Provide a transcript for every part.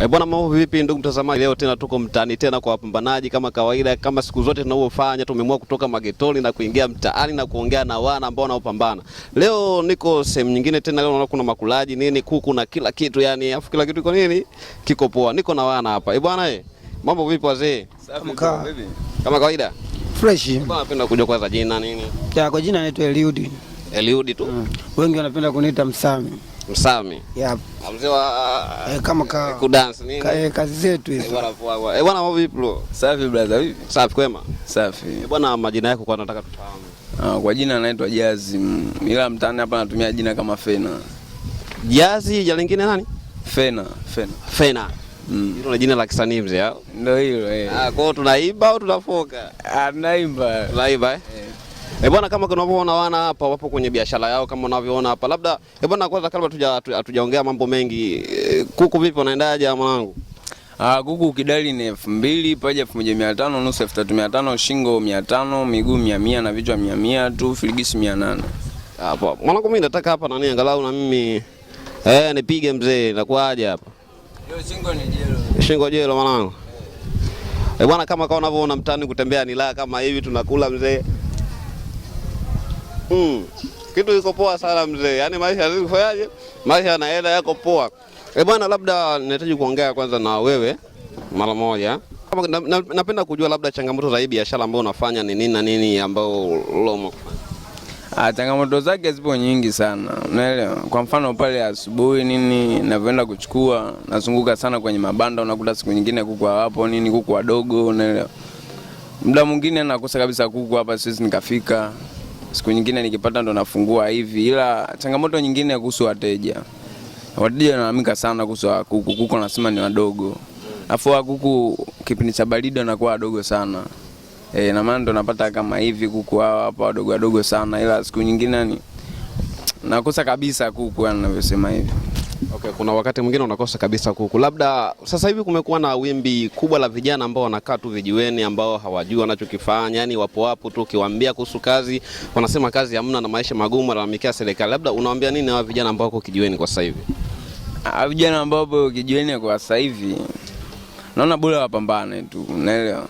E, bwana mambo vipi ndugu mtazamaji? Leo tena tuko mtaani tena kwa wapambanaji kama kawaida, kama siku zote tunavyofanya. Tumeamua kutoka magetoni na kuingia mtaani na kuongea na wana ambao wanaopambana. Leo niko sehemu nyingine tena, leo naona kuna makulaji nini, kuku na kila kitu yani, afu kila kitu iko nini, kiko poa. Niko na wana hapa. E bwana eh, mambo vipi wazee? Safi kama kawaida. Fresh. Bwana napenda kuja kwanza jina nini? Ya, kwa jina naitwa Eliudi. Eliudi tu. Mm. Wengi wanapenda kuniita Msami. Msami. Yeah. Mzee wa eh, kama ka, eh, ku dance nini? Ka, eh, kazi zetu hizo. Eh, bwana poa. Eh, bwana mambo vipi bro? Safi brother, vipi? Safi kwema. Safi. Eh, bwana majina yako kwa nataka tufahamu. Ah, kwa jina naitwa Jazi. Ila mtaani hapa natumia jina kama Fena. Jazi, jina lingine nani? Fena, Fena. Fena. Mm. Hilo ni jina la kisanii mzee. Ndio hilo eh. Ah, kwao tunaimba au tunafoka? Ah, tunaimba. Tunaimba eh. eh. E bwana kama unavyoona wana hapa wapo kwenye biashara yao kama unavyoona hapa. Labda e bwana kwanza kabla tuja tujaongea mambo mengi eh, kuku vipi unaendaje mwanangu? Ah, kuku kidali ni elfu mbili, paja elfu moja mia tano, nusu elfu tatu mia tano, shingo mia tano, miguu mia mia na vichwa mia mia tu, filigisi mia nane. Hapo. Ah, mwanangu mimi nataka hapa nani angalau na mimi eh nipige mzee nakuaje hapa? Yo shingo ni jelo. Shingo jelo mwanangu. Eh, bwana kama kaona unavyoona mtani kutembea ni la kama hivi tunakula mzee. Mm. Kitu iko poa sana mzee, yaani maisha yanafanyaje? Maisha na hela yako poa. Eh bwana, labda nahitaji kuongea kwanza na wewe mara moja. Napenda na, na, na kujua labda changamoto za hii biashara ambayo unafanya ni nini na nini ambayo lomo Ah, changamoto zake zipo nyingi sana, unaelewa. Kwa mfano pale asubuhi nini ninavyoenda kuchukua, nazunguka sana kwenye mabanda, unakuta siku nyingine kuku hawapo nini, kuku wadogo, unaelewa. Muda mwingine nakosa kabisa kuku hapa, siwezi nikafika siku nyingine nikipata ndo nafungua hivi, ila changamoto nyingine kuhusu wateja, wateja wanalalamika sana kuhusu kuku. Kuku nasema ni wadogo, afu wa kuku kipindi cha baridi wanakuwa wadogo sana e, na maana ndo napata kama hivi kuku hawa hapa wadogo wadogo sana, ila siku nyingine ni nakosa kabisa kuku, yaani navyosema hivi. Okay, kuna wakati mwingine unakosa kabisa kuku. Labda sasa hivi kumekuwa na wimbi kubwa la vijana ambao wanakaa tu vijiweni, ambao hawajui wanachokifanya, yani wapo hapo tu, ukiwaambia kuhusu kazi wanasema kazi hamna na maisha magumu, analamikia serikali. Labda unawaambia nini hawa vijana ambao wako kijiweni kwa sasa hivi? Ah, vijana ambao wapo kijiweni kwa sasa hivi naona bora wapambane tu, unaelewa,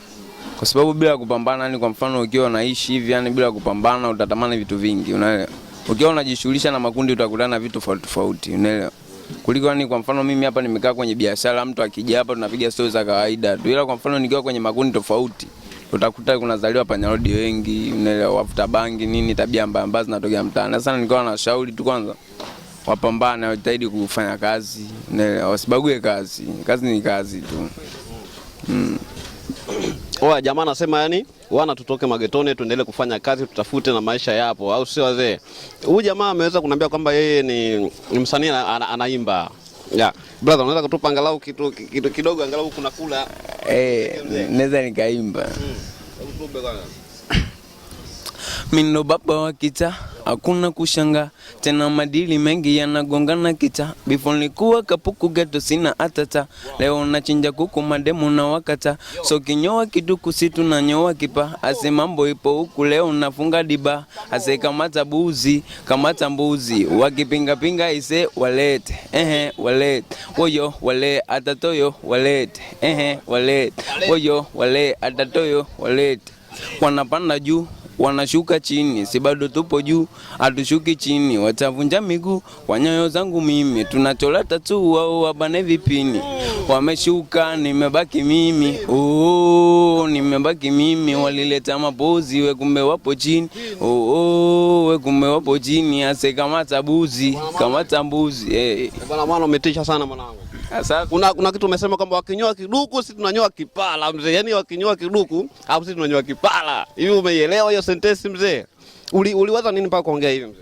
kwa sababu bila kupambana, yani kwa mfano ukiwa unaishi hivi, yani bila kupambana utatamani vitu vingi, unaelewa. Ukiwa unajishughulisha na makundi utakutana na vitu tofauti tofauti, unaelewa kuliko yani, kwa mfano mimi hapa nimekaa kwenye biashara, mtu akija hapa tunapiga stori za kawaida tu, ila kwa mfano nikiwa kwenye makundi tofauti utakuta kunazaliwa panyarodi wengi, wafuta bangi nini, tabia mbaya mbaya zinatokea mtaani. Sasa nilikuwa nashauri tu kwanza wapambane, wajitahidi kufanya kazi, wasibague kazi. Kazi ni kazi tu mm. Oya, jamaa anasema yani, wana tutoke magetoni, tuendelee kufanya kazi, tutafute na maisha yapo, au sio wazee? Huyu jamaa ameweza kuniambia kwamba yeye ni, ni msanii anaimba ya brother, unaweza kutupa angalau kitu, kitu kidogo angalau kuna kula eh, naweza nikaimba. Hmm. Mimi ndo baba wa kitaa hakuna kushanga tena, madili mengi yanagongana kita Bifo nilikuwa kapuku geto, sina atata. Leo nachinja kuku mademu na wakata, so kinyoa kiduku situ na nyoa kipa. Ase mambo ipo huku, leo nafunga diba. Ase kamata buzi, kamata mbuzi, wakipinga pinga ise walete, ehe walete, woyo wale atatoyo walete, ehe walete, woyo wale atatoyo walete wanapanda juu wanashuka chini, si bado tupo juu, hatushuki chini. Watavunja miguu kwa nyoyo zangu mimi, tunacholata tu wao wabane vipini. Wameshuka nimebaki mimi, oh, nimebaki mimi. Walileta mapozi we, kumbe wapo chini, oh, we, kumbe wapo chini. Ase kama tabuzi kama tambuzi, eh, bwana, umetisha sana mwanangu kuna, kuna kitu umesema kwamba wakinyoa kiduku si tunanyoa kipala mzee. Yaani wakinyoa kiduku au si tunanyoa kipala. Hivi umeielewa hiyo sentensi mzee? Uli, uliwaza nini mpaka kuongea hivi mzee?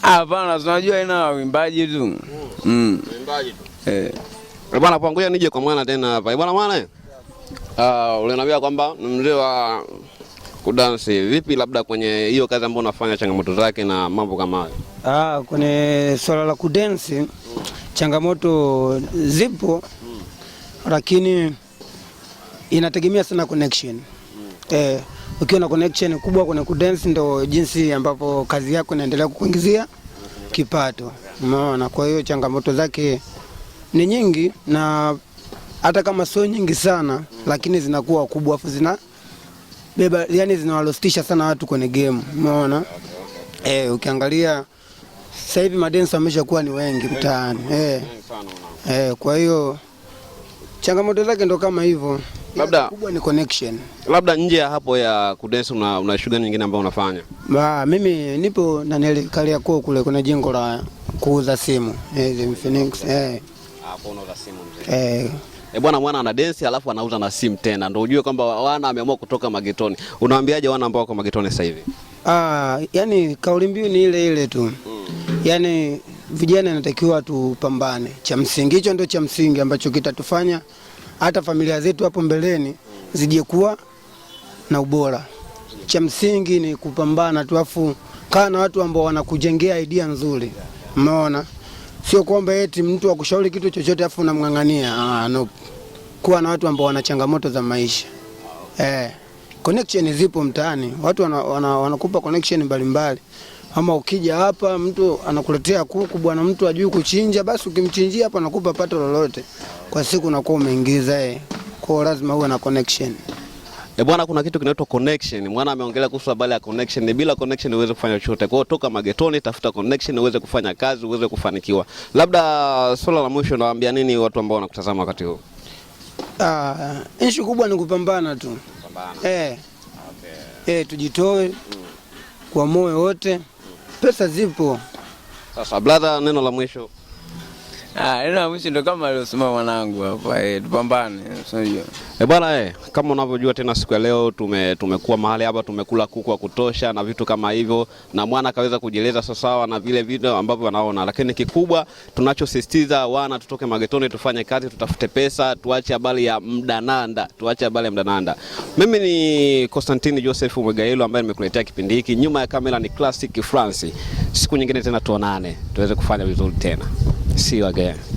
Hapana, tunajua ina wimbaji tu. Mm. Wimbaji tu. Eh. eh bwana pangoja nije kwa mwana tena hapa. Eh, bwana mwana? Ah, uh, uliniambia kwamba ni mzee wa kudansi vipi, labda kwenye hiyo kazi ambayo unafanya changamoto zake na mambo kama hayo? Ah, kwenye swala la kudansi Changamoto zipo, lakini inategemea sana connection mm. eh, ukiwa na connection kubwa kwenye kudance ndo jinsi ambapo kazi yako inaendelea kukuingizia kipato, umeona. Kwa hiyo changamoto zake ni nyingi, na hata kama sio nyingi sana, lakini zinakuwa kubwa, afu zina beba, yani zinawalostisha sana watu kwenye game, umeona. Eh, ukiangalia sasa hivi madensa wameshakuwa ni wengi mtaani eh, eh, kwa hiyo changamoto zake ndo kama hivyo, labda kubwa ni connection. Labda nje ya hapo ya kudensa, una, una shughuli nyingine ambayo unafanya? Ba, mimi nipo na Kariakoo kule, kuna jengo la kuuza simu eh, Phoenix eh ah, hapo unauza simu eh E bwana, mwana ana densi alafu anauza na simu tena, ndio ujue kwamba wana ameamua kutoka magetoni. Unawaambiaje wana ambao wako magetoni sasa hivi? Ah, yani kauli mbiu ni ile ile tu mm yani vijana inatakiwa tupambane, cha msingi hicho ndio cha msingi ambacho kitatufanya hata familia zetu hapo mbeleni zije kuwa na ubora. Cha msingi ni kupambana tu, afu kaa na watu ambao wanakujengea idea nzuri, umeona? Sio kwamba eti mtu akushauri kitu chochote afu unamng'ang'ania. Ah, no. Kuwa na watu ambao wana changamoto za maisha eh, connection zipo mtaani, watu wanakupa wana, wana connection mbalimbali mbali ama ukija hapa mtu anakuletea kuku bwana, mtu ajui kuchinja, basi ukimchinjia hapa anakupa pato lolote kwa siku, unakuwa umeingiza eh. Kwa lazima uwe na connection eh bwana, kuna kitu kinaitwa connection. Mwana ameongelea kuhusu habari ya connection, bila connection uweze kufanya chochote. Kwa hiyo toka magetoni, tafuta connection uweze kufanya kazi, uweze kufanikiwa. Labda swala la mwisho, nawaambia nini watu ambao wanakutazama wakati huu? Ah, issue kubwa ni kupambana tu, kupambana eh, okay. Eh, tujitoe mm. kwa moyo wote mm pesa zipo. Sasa brother, neno la mwisho Neno mwisho ndo kama aliosema mwanangu hapa, eh, tupambane. Eh bwana eh, kama unavyojua tena siku ya leo tume, tumekuwa mahali hapa tumekula kuku wa kutosha na vitu kama hivyo, na mwana akaweza kujieleza sawasawa na vile vitu ambavyo wanaona, lakini kikubwa tunachosisitiza wana, tutoke magetoni, tufanye kazi, tutafute pesa, tuache habari ya mdananda, tuache habari ya mdananda. Mimi ni Constantine Joseph Mwegailo ambaye nimekuletea kipindi hiki, nyuma ya kamera ni Classic France. Siku nyingine tena tuonane, tuweze kufanya vizuri tena. see you again.